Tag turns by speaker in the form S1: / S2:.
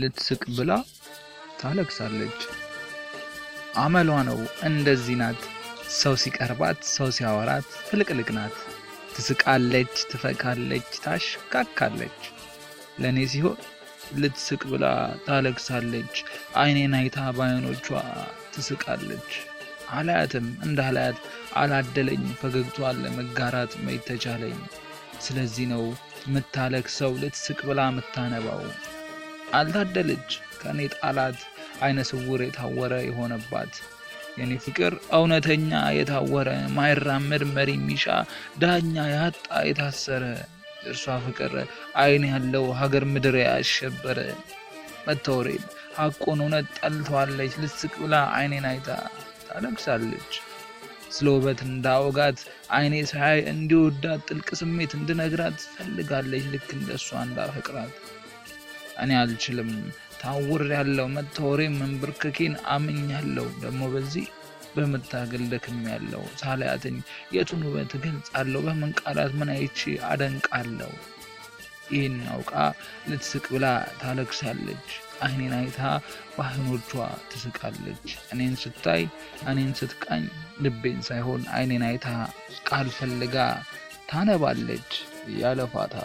S1: ልትስቅ ብላ ታለቅሳለች። አመሏ ነው እንደዚህ ናት። ሰው ሲቀርባት፣ ሰው ሲያወራት ፍልቅልቅ ናት። ትስቃለች፣ ትፈካለች፣ ታሽካካለች። ለእኔ ሲሆን ልትስቅ ብላ ታለቅሳለች። አይኔን አይታ በአይኖቿ ትስቃለች። አላያትም እንዳላያት አላደለኝ ፈገግቷን ለመጋራት መይተቻለኝ ስለዚህ ነው የምታለቅሰው፣ ልትስቅ ብላ ምታነባው አልታደለች ከእኔ ጣላት አይነ ስውር የታወረ የሆነባት የኔ ፍቅር እውነተኛ የታወረ ማይራመድ መሪ ሚሻ ዳኛ ያጣ የታሰረ እርሷ ፍቅር አይን ያለው ሀገር ምድር ያሸበረ መታወሬ ሀቁን እውነት ጠልተዋለች። ልስቅ ብላ አይኔን አይታ ታለቅሳለች። ስለ ውበት እንዳወጋት አይኔ ሳያይ እንዲወዳት ጥልቅ ስሜት እንድነግራት ፈልጋለች። ልክ እንደሷ እንዳፈቅራት እኔ አልችልም። ታውር ያለው መታወሬን መንብርክኬን ያለው ደግሞ በዚህ በምታገል ደክም ያለው ሳላያትኝ የቱን ውበት ግልጽ በምን ቃላት ምን አደንቃለው። አደንቃለሁ? ይህን አውቃ ልትስቅ ብላ ታለቅሳለች። አይኔን አይታ በአይኖቿ ትስቃለች። እኔን ስታይ እኔን ስትቃኝ ልቤን ሳይሆን አይኔን አይታ ቃል ፈልጋ ታነባለች ያለፋታ